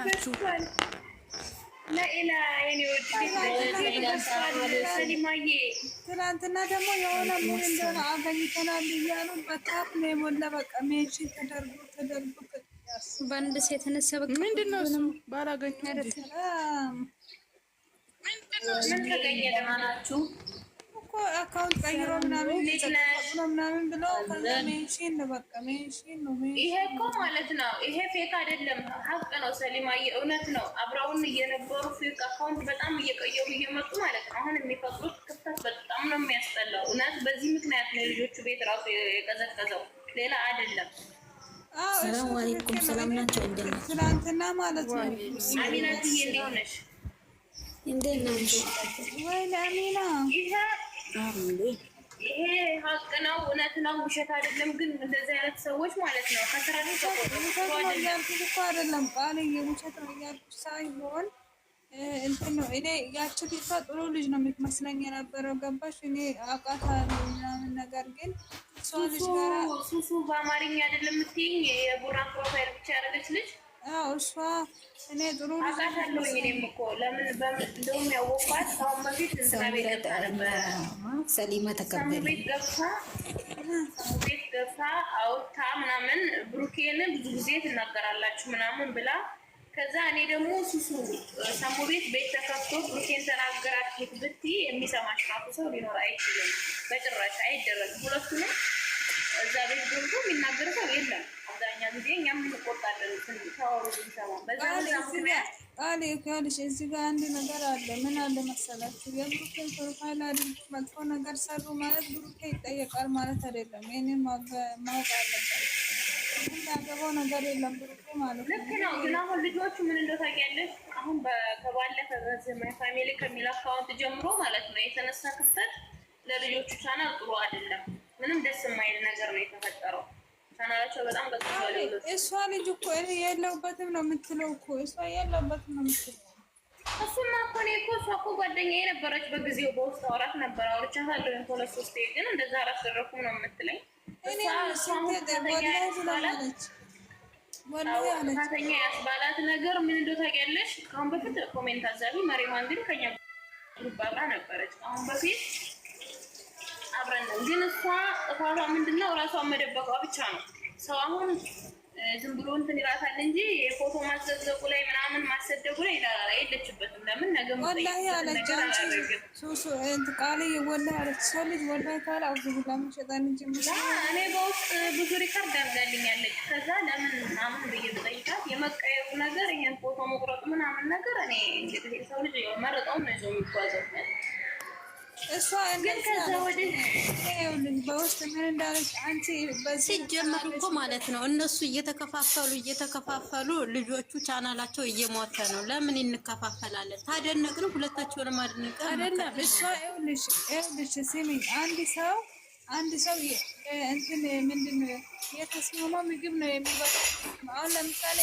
ናችሁ? ትናንትና ደግሞ የሆነ ምን እንደሆነ አገኝተናል እያሉ በጣም ነው የሞላ። በቃ ሜንሽን ተደርጎ ተደርጎ በአንድ ሴት የተነሳ በቃ ምንድን ነው እሱ ባላገኘ አካውንት ቀይሮ ምናምን ምናምን ብለው ሜንሽን በቃ ሜንሽን ነው። ይሄ እኮ ማለት ነው፣ ይሄ ፌክ አይደለም፣ ሀቅ ነው። ሰሊማዬ እውነት ነው። አብረውን እየነበሩ ፌክ አካውንት በጣም እየቀየሩ እየመጡ ማለት ነው። አሁን የሚፈጥሩት ክፍተት በጣም ነው የሚያስጠላው። እውነት በዚህ ምክንያት ነው የልጆቹ ቤት ራሱ የቀዘቀዘው፣ ሌላ አይደለም። ሰላም አለይኩም። ሰላም ናቸው። እንደት ትናንትና ማለት ነው። አሚናትዬ እንዴት ነሽ? እንዴት ናቸው? ወይኔ አሚና ይሄ ሀቅ ነው፣ እውነት ነው፣ ውሸት አይደለም። ግን እንደዚህ አይነት ሰዎች ማለት ነው ከስራ ላይ አይደለም ቃል የውሸት ነው እያልኩሽ ሳይሆን እንትን ነው እኔ ያቺ ልጅቷ ጥሩ ልጅ ነው የምትመስለኝ የነበረው ገባሽ? እኔ አውቃታለሁ ምናምን ነገር ግን እሷ ልጅ ጋር ሱሱ በአማርኛ አይደለም የምትይኝ የቡራ ፕሮፋይል ብቻ ያደረገች ልጅ እሷ እኔ ጥሩ ሰሊማ ተቀበለ ቤት ገፋ አውታ ምናምን ብሩኬን ብዙ ጊዜ ትናገራላችሁ ምናምን ብላ ከዛ እኔ ደግሞ ሱሱ ሰሙ ቤት ቤት ተከፍቶ ብሩኬን ተናገራችሁት ብትይ የሚሰማሽ ራሱ ሰው ሊኖር አይችልም። በጭራሽ አይደረግም። ሁለቱንም እዛ ቤት ገብቶ የሚናገር ሰው የለም። አብዛኛ ጊዜ እኛም አንድ ነገር አለ። ምን አለ መሰላችሁ? የብሩኬን ፕሮፋይል አድርጎ መጥፎ ነገር ሰሩ ማለት ብሩኬ ይጠየቃል ማለት አይደለም። ይህንን ማወቅ አለበት። ያገባው ነገር የለም ብሩኬ ማለት ልክ ነው። ግን አሁን ልጆቹ ምን እንደታውቂያለሽ? አሁን ከባለፈ በዘመን ፋሚሊ ከሚል አካውንት ጀምሮ ማለት ነው የተነሳ ክፍተት ለልጆቹ ቻናል ጥሩ አይደለም። ምንም ደስ የማይል ነገር ነው የተፈጠረው። ቻናላቸው በጣም እሷ ልጅ እኮ የለውበትም ነው የምትለው እኮ እሷ የለውበትም ነው የምትለው። እሱማ እኮ እኔ እኮ እሷ እኮ ጓደኛ የነበረች በጊዜው በውስጥ አውራት ነበር አውርቻታለሁ። ሁለት ሶስት ግን እንደዛ አላስደረኩም ነው የምትለኝ። ተኛ ያስባላት ነገር ምን እንደው ታውቂያለሽ። ከአሁን በፊት ኮሜንት አዛቢ መሬማን ግን ከኛ ጉባባ ነበረች። ከአሁን በፊት አብረን ነው። ግን እሷ እኳቷ ምንድነው እራሷን መደበቋ ብቻ ነው። ሰው አሁን ዝም ብሎ እንትን ይላታል እንጂ የፎቶ ማስዘዘቁ ላይ ምናምን ማሰደጉ ላይ ይላል የለችበትም። ለምን ነገ ወላሂ አለች ሱሱ ቃል ወላሂ አለች ሰው ልጅ ወላሂ ካለ አውዙ ብላምን ሸጣን እንጂ እኔ በውስጥ ብዙ ሪከርድ አድርጋልኛለች። ከዛ ለምን ምናምን ብዬ ብጠይቃት የመቀየሩ ነገር ይህን ፎቶ መቁረጡ ምናምን ነገር እኔ እንግዲህ ሰው ልጅ መረጠውን ነው ይዞ የሚጓዘው እሷ በውስጥ ምን እንዳለች አንቺ ሲጀመር እኮ ማለት ነው እነሱ እየተከፋፈሉ እየተከፋፈሉ ልጆቹ ቻናላቸው እየሞተ ነው። ለምን እንከፋፈላለን? ታደነቅን፣ ሁለታቸውንም አደነቅን። አይደለም እሷ ይኸውልሽ፣ ይኸውልሽ ስሚኝ፣ አንድ ሰው አንድ ሰው እንትን ምንድን ነው የተስማማ ምግብ ነው የሚበላ። አሁን ለምሳሌ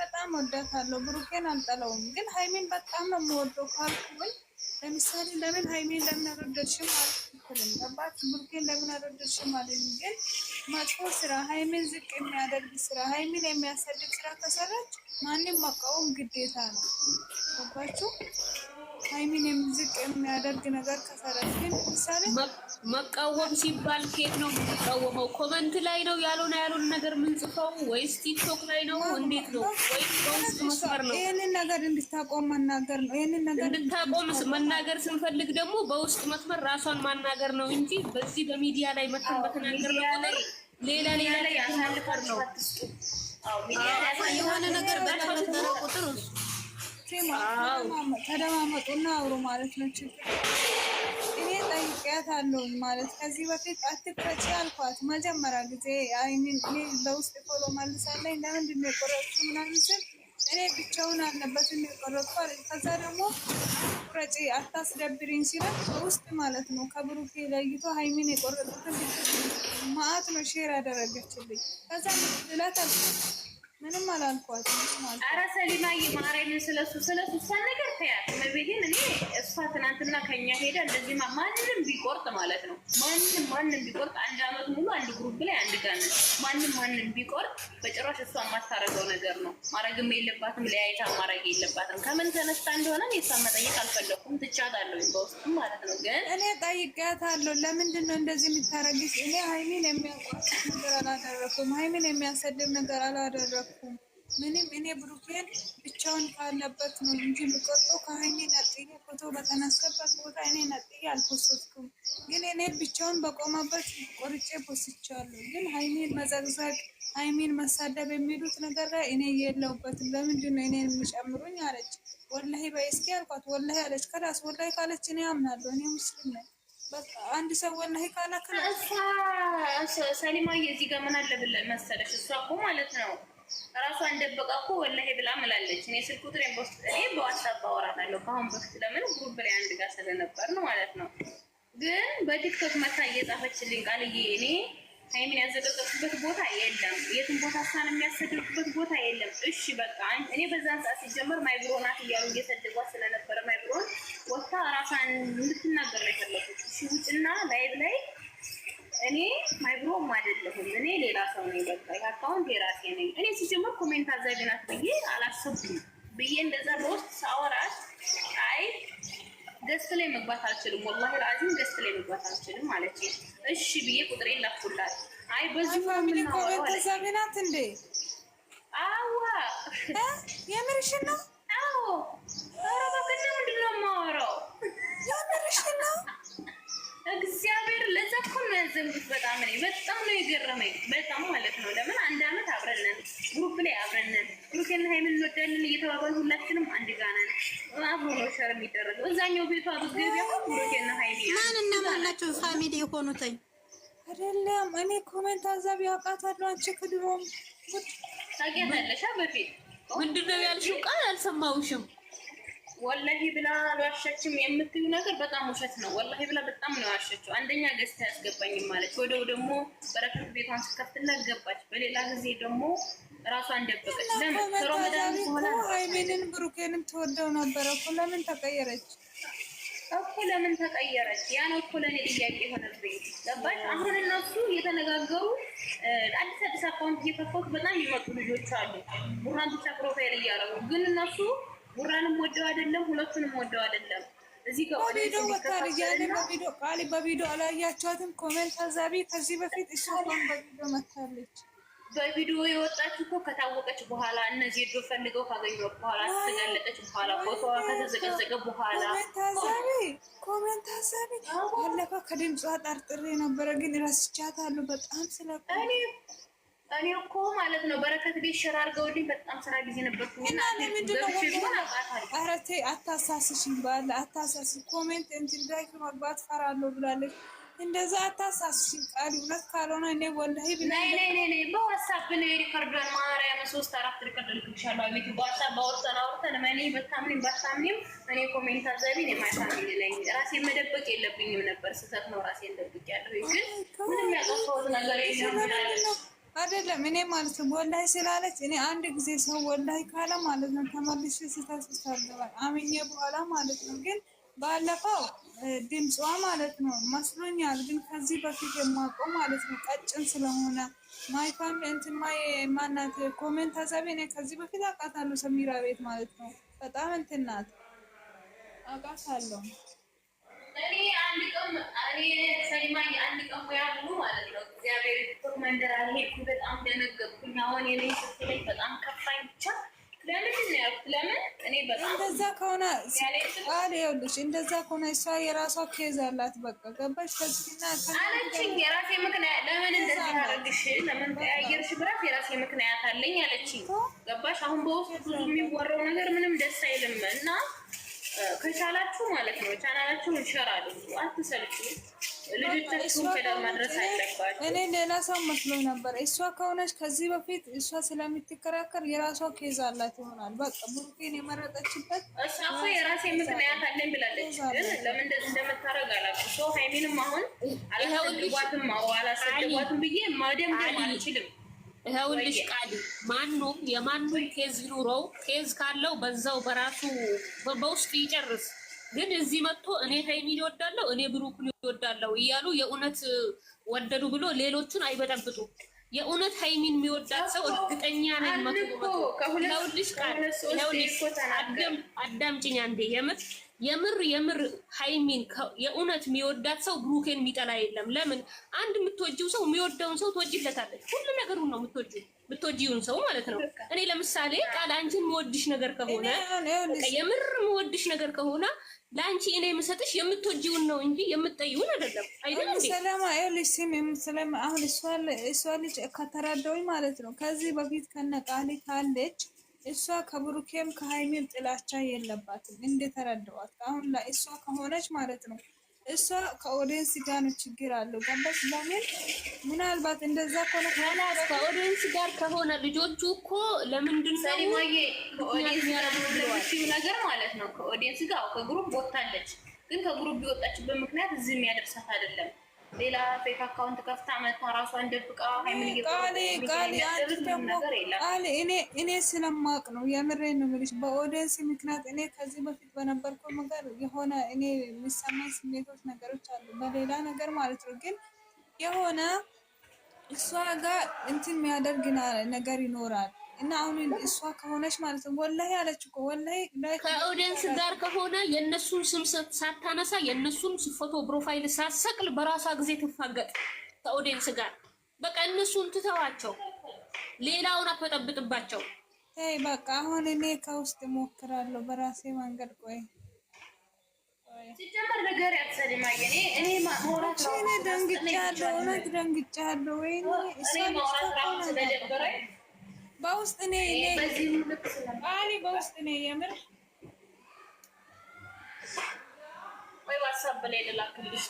በጣም ወዳታለሁ፣ ብሩኬን አልጠለውም፣ ግን ሀይሜን በጣም ነው የምወደው ካልኩኝ ለምሳሌ ለምን ሀይሜን ለምን አልወደድሽም አልኩልም። ገባች ብሩኬን ለምን አልወደድሽም አለኝ። ግን መጥፎ ስራ ሀይሜን ዝቅ የሚያደርግ ስራ፣ ሀይሜን የሚያሰድግ ስራ ከሰራች ማንም መቃወም ግዴታ ነው። ገባችሁ? ሀይሜን ዝቅ የሚያደርግ ነገር ከሰራች ግን ምሳሌ መቃወም ሲባል ኬት ነው የምንቃወመው? ኮመንት ላይ ነው ያልሆነ ያልሆነ ነገር የምንጽፈው ወይስ ቲክቶክ ላይ ነው? እንዴት ነው? ወይስ በውስጥ መስመር ነው? ይህንን ነገር እንድታቆም መናገር ነው። ይህንን ነገር እንድታቆም መናገር ስንፈልግ ደግሞ በውስጥ መስመር ራሷን ማናገር ነው እንጂ በዚህ በሚዲያ ላይ መተን በተናገር ነገር ሌላ ሌላ ላይ ያሳልፈር ነው የሆነ ነገር በተፈጠረ ቁጥር ተደማመጡና አውሩ ማለት ነው። አውቄያታለሁ ማለት ከዚህ በፊት አትቁረጪ አልኳት። መጀመሪያ ጊዜ አይንን በውስጥ ፎሎ መልሳለኝ። ለምንድን ነው የቆረጥኩት ምናምን ስል እኔ ብቻውን አለበትን የቆረጥኩት። ከዛ ደግሞ ቁረጪ አታስደብሪኝ ሲላት በውስጥ ማለት ነው ከብሩኬ ለይቶ ሀይሚን የቆረጥኩትን ማአት ነው ሼር ያደረገችልኝ ከዛ ምትላት ምንም አላልኳትም። ኧረ ሰሊማዬ ማርያምን ስለሱ ስለሱ ነገር ተያት መቤቴን እኔ እሷ ትናንትና ከኛ ሄደ እንደዚህ ማንም ቢቆርጥ ማለት ነው ማንም ማንም ቢቆርጥ አንድ አመት ሙሉ አንድ ግሩፕ ላይ አንድ ጋር ማንም ማንም ቢቆርጥ በጭራሽ እሷ የማታረገው ነገር ነው። ማረግም የለባትም ለያይታ ማረግ የለባትም። ከምን ተነስታ እንደሆነ እሷን መጠየቅ አልፈለኩም። ትቻታለሁ በውስጥም ማለት ነው። ግን እኔ ጠይቄያታለሁ። ለምንድን ነው እንደዚህ የምታረግሽ? እኔ ሀይሚን የሚያቋ ነገር አላደረኩም። ሀይሚን የሚያሰድብ ነገር አላደረኩም። ምንም እኔ ብሩኬን ብቻውን ካለበት ነው እንጂ የምቆርጠው ከሀይኔ ነጥዬ ፎቶ በተነሳበት ቦታ እኔ ነጥዬ አልፖስትኩም። ግን እኔ ብቻውን በቆመበት ቆርጬ ፖስቻለሁ። ግን ሀይሜን መዘግዘግ፣ ሀይሜን መሳደብ የሚሉት ነገር ላይ እኔ የለውበት ለምንድን ነው እኔን የሚጨምሩኝ? አለች ወላሂ በእስኪ አልኳት። ወላሂ አለች። ከላስ ወላሂ ካለች እኔ አምናለሁ። እኔ ሙስሊም ነኝ። አንድ ሰው ወላሂ ካላከ ሰሊማ የዚህ ጋር ምን አለ መሰለሽ እሷ እኮ ማለት ነው ራሷን እንደበቃ እኮ ወላሂ ብላ ምላለች። እኔ ስልክ ቁጥሬን በውስጥ እኔ በዋትሳፕ አወራታለሁ ከአሁን በፊት ለምን ግሩፕ ላይ አንድ ጋር ስለነበር ነው ማለት ነው። ግን በቲክቶክ መታ እየጻፈችልኝ ቃልዬ እኔ ሀይሚን ያዘቀጠቁበት ቦታ የለም፣ የትም ቦታ እሷን የሚያሰድቡበት ቦታ የለም። እሺ በቃ እኔ በዛን ሰዓት ሲጀመር ማይብሮ ናት እያሉ እየሰደቧት ስለነበረ ማይብሮን ወታ ራሷን እንድትናገር ላይ የፈለጉት። እሺ ውጭና ላይብ ላይ እኔ ማይብሮም አይደለሁም። እኔ ሌላ ሰው ነኝ። በቃ ይህ የራሴ ነኝ። እኔ ሲጀምር ኮሜንት አዘጋጅ ናት ብዬ አላሰብኩም ብዬ እንደዛ በውስጥ ሳወራት አይ ገስት ላይ መግባት አልችልም፣ ወላሂ ለአዚም ገስት ላይ መግባት አልችልም ማለት እሺ ብዬ ቁጥሬ ላኩላት። አይ በዚሁ ቤተሰብ እንዴ? አዋ የምርሽን ነው? አዎ በጣም እኔ በጣም ነው የገረመኝ። በጣም ማለት ነው። ለምን አንድ አመት አብረነን ግሩፕ ላይ አብረነን ነን። ብሩኬና ሀይምን እንወዳለን እየተባባሉ ሁላችንም አንድ ጋናን ነን። አብሮ ነው ሸር የሚደረገው። እዛኛው ቤቷ ብትገቢ አሁን ብሩኬና ሀይሚ ማን እና ማን ናቸው ፋሚሊ የሆኑትኝ? አይደለም እኔ ኮሜንት አዛቢ አውቃታለሁ። አንቺ ከድሮም ታውቂያታለሽ በፊት ምንድን ያልሽው? ቃል አልሰማውሽም ወላሂ ብላ አልዋሸችም የምትዩ ነገር በጣም ውሸት ነው። ወላሂ ብላ በጣም ነው ያሸችው። አንደኛ ገዝታ አያስገባኝም ማለች፣ ወደው ደግሞ በረከት ቤቷን ስከፍትና ገባች። በሌላ ጊዜ ደግሞ ራሷን ደበቀች። ለምን ከሮመዳን በኋላ አይሜንን ብሩኬንም ተወደው ነበረ እኮ ለምን ተቀየረች እኮ ለምን ተቀየረች? ያ ነው እኮ ለእኔ ጥያቄ የሆነብኝ። ገባች። አሁን እነሱ እየተነጋገሩ አዲስ አዲስ አካውንት እየከፈቱ በጣም ይመጡ ልጆች አሉ። ቡራን ብቻ ፕሮፋይል እያረጉ ግን እነሱ ቡራንም ወደው አይደለም፣ ሁለቱንም ወደው አይደለም። እዚህ ጋር ኦዲዶ ወጣል እያለ በቪዲዮ ቃል በቪዲዮ አላያቸዋትም። ኮሜንት አዛቢ ከዚህ በፊት እሷ እንኳን በቪዲዮ መታለች። በቪዲዮ የወጣች እኮ ከታወቀች በኋላ እነዚህ ዶ ፈልገው ካገኙ በኋላ ከተጋለጠች በኋላ ፎቶ ከተዘቀዘቀ በኋላ ኮሜንት ታዛቢ ኮሜንት አዛቢ ባለፈው ከድምጿ ጠርጥሬ ነበረ፣ ግን ረስቻታለሁ በጣም ስለ እኔ እኔ እኮ ማለት ነው በረከት ቤት ሸራ አድርገውልኝ በጣም ስራ ጊዜ ነበርኩ እና ምንድን ነው ኧረ ተይ አታሳስሽኝ ባለ አታሳስሽ ኮሜንት እንትንዳይ መግባት ፈራለሁ ብላለች እንደዛ አታሳስሽኝ ቃል ሁለት ካልሆነ እኔ ወላሂ ብናይ በዋትሳፕ ነው የሪከርዷን ማርያም ሶስት አራት ሪከርድ ልክልሻለሁ አቤቱ በዋትሳፕ ባወርተን አውርተን መኔ በታምኒም በታምኒም እኔ ኮሜንት አዘቢ ኔ ማታምኔ ላይ ራሴ መደበቅ የለብኝም ነበር ስህተት ነው ራሴ እንደብቅ ያለሁ ግን ምንም ያጠፋሁት ነገር የለም አይደለም እኔ ማለት ነው ወላይ ስላለች እኔ አንድ ጊዜ ሰው ወላይ ካለ ማለት ነው ተመልሼ ስታስታለባል አምኜ በኋላ ማለት ነው። ግን ባለፈው ድምጿ ማለት ነው መስሎኛል። ግን ከዚህ በፊት የማውቀው ማለት ነው ቀጭን ስለሆነ ማይፋም እንትን ማይ ማናት ኮሜንት ሀሳቤ እኔ ከዚህ በፊት አውቃታለሁ። ሰሚራ ቤት ማለት ነው በጣም እንትን ናት አውቃታለሁ። የአንድ ቀን እኔ የአንድ ቀን ማለት ነው። እግዚአብሔር መንደር በጣም ደነገጥኩኝ። አሁን የኔ ስትለኝ በጣም ከፋኝ። ብቻ ለምን እንደዛ ከሆነ ቃል ይኸውልሽ፣ እንደዛ ከሆነ እሷ የራሷ ኬዝ አላት። በቃ ገባሽ? ከዚህና አለችኝ። የራሴ ምክንያት ለምን እንደዚህ አደረግሽ፣ ለምን ተያየርሽ ብራት የራሴ ምክንያት አለኝ አለችኝ። ገባሽ? አሁን በውስጥ ብዙ የሚወራው ነገር ምንም ደስ አይልም እና ከቻላችሁ ማለት ነው ቻናላችሁን ሸር አድርጉ። አትሰልቹ። ልጆቻችሁን ከዳር ማድረስ አይጠባችሁ። እኔ ሌላ ሰው መስሎኝ ነበር። እሷ ከሆነች ከዚህ በፊት እሷ ስለምትከራከር የራሷ ኬዝ አላት ይሆናል። በቃ ቡሩኬን የመረጠችበት እሷ እኮ የራሴ ምክንያት አለኝ ብላለች። ግን ለምን እንደዚህ እንደምታረግ አላውቅም። ሶ ሀይሚንም አሁን አላሰደጓትም አላሰደጓትም ብዬ መደምደም አልችልም። ይኸውልሽ ቃል ማንም የማንም ኬዝ ይኑረው፣ ኬዝ ካለው በዛው በራሱ በውስጡ ይጨርስ። ግን እዚህ መጥቶ እኔ ሀይሚን ይወዳለው እኔ ብሩክን ይወዳለው እያሉ የእውነት ወደዱ ብሎ ሌሎቹን አይበጠብጡ። የእውነት ሀይሚን የሚወዳት ሰው እርግጠኛ ነኝ። መቶ ይኸውልሽ ቃል ይኸውልሽ፣ አዳምጪኝ አንዴ የምት የምር የምር ሃይሚን የእውነት የሚወዳት ሰው ብሩኬን የሚጠላ የለም። ለምን አንድ የምትወጂው ሰው የሚወደውን ሰው ትወጂለታለች። ሁሉ ነገር ነው የምትወጂው የምትወጂውን ሰው ማለት ነው። እኔ ለምሳሌ ቃል አንቺን የምወድሽ ነገር ከሆነ የምር የምወድሽ ነገር ከሆነ ለአንቺ እኔ የምሰጥሽ የምትወጂውን ነው እንጂ የምትጠይውን አይደለም። አይደለም ይኸውልሽ፣ ስም ስለም አሁን እሷ ልጅ ከተረዳሁኝ ማለት ነው ከዚህ በፊት ከነቃሌ ካለች እሷ ከብሩኬም ከሀይሚም ጥላቻ የለባትም። እንደተረዳዋት አሁን ላይ እሷ ከሆነች ማለት ነው እሷ ከኦዲየንስ ጋር ነው ችግር አለው። ገባሽ? ለምን ምናልባት እንደዛ ከሆነ ከኦዲየንስ ጋር ከሆነ ልጆቹ እኮ ለምንድን ነው ከኦዲየንስ ጋር ነገር ማለት ነው። ከኦዲየንስ ጋር ከግሩፕ ወጣለች፣ ግን ከግሩፕ የወጣችበት ምክንያት እዚህ የሚያደርሳት አይደለም ሌላ ፌክ አካውንት ከፍታ መጥታ ራሷን ደብቃ እኔ ስለማቅ ነው የምሬ ነው የምልሽ። በኦዲየንስ ምክንያት እኔ ከዚህ በፊት በነበርኩ ነገር የሆነ እኔ የሚሰማኝ ስሜቶች ነገሮች አሉ፣ በሌላ ነገር ማለት ነው። ግን የሆነ እሷ ጋር እንትን የሚያደርግ ነገር ይኖራል እና አሁን እሷ ከሆነች ማለት ነው ወላሂ አለች እኮ ወላሂ ከኦዲየንስ ጋር ከሆነ የእነሱን ስም ሳታነሳ የእነሱን ፎቶ ፕሮፋይል ሳሰቅል በራሷ ጊዜ ትፋገጥ ከኦዲየንስ ጋር በቃ እነሱን ትተዋቸው፣ ሌላውን አትበጠብጥባቸው። ተይ በቃ አሁን እኔ ከውስጥ ሞክራለሁ በራሴ መንገድ። ቆይ ሲጀመር ነገር ያትሰልማ እኔ እኔ ነው ደንግጫለሁ፣ እውነት ደንግጫለሁ። ወይ እኔ እሷ ስለደበረኝ በውስጥ እኔ እኔ በውስጥ እኔ የምር ወይ ዋትሳፕ ላይ ልላክልሽ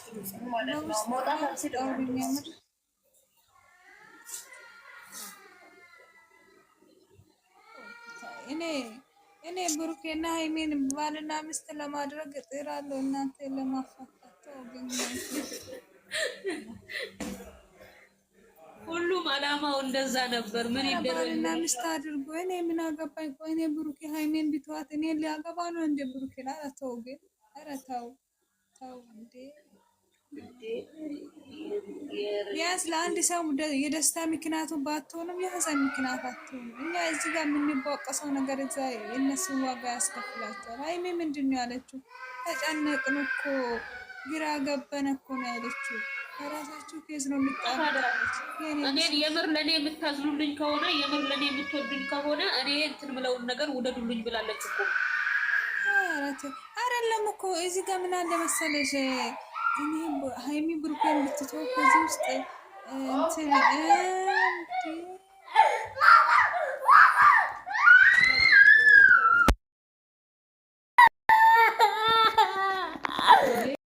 ማለት ነው። መውጣት የምር እኔ እኔ ብሩኬና ሃይሜን ባልና ሚስት ለማድረግ እጥራለሁ እናንተ ለማፋታት ግን ሁሉም አላማው እንደዛ ነበር። ምን ይደረግና ሚስት አድርጎ እኔ ምን አገባኝ? ቆይ እኔ ብሩኬ ሃይሜን ቢተዋት እኔ ሊያገባ ነው እንደ ብሩኬ ላይ ግን ኧረ ተው ተው እንዴ! ቢያንስ ለአንድ ሰው የደስታ ምክንያቱ ባትሆንም የሀዘን ምክንያት አትሆንም። እኛ እዚህ ጋር የምንቧቀሰው ነገር እዛ የእነሱን ዋጋ ያስከፍላቸዋል። ሃይሜ ምንድን ነው ያለችው? ተጨነቅን እኮ ግራ ገባን እኮ ነው ያለችው። ከራሳችሁ ኬዝ ነው የሚጣራለች። እኔን የምር ለእኔ የምታዝኑልኝ ከሆነ የምር ለእኔ የምትወዱኝ ከሆነ እኔ እንትን ብለውን ነገር ውደዱልኝ ብላለች እኮ አይደለም እኮ እዚህ ጋር ምን አለ መሰለሽ ሀይሚ ብሩኬን ብትጮ ከዚህ ውስጥ እንትን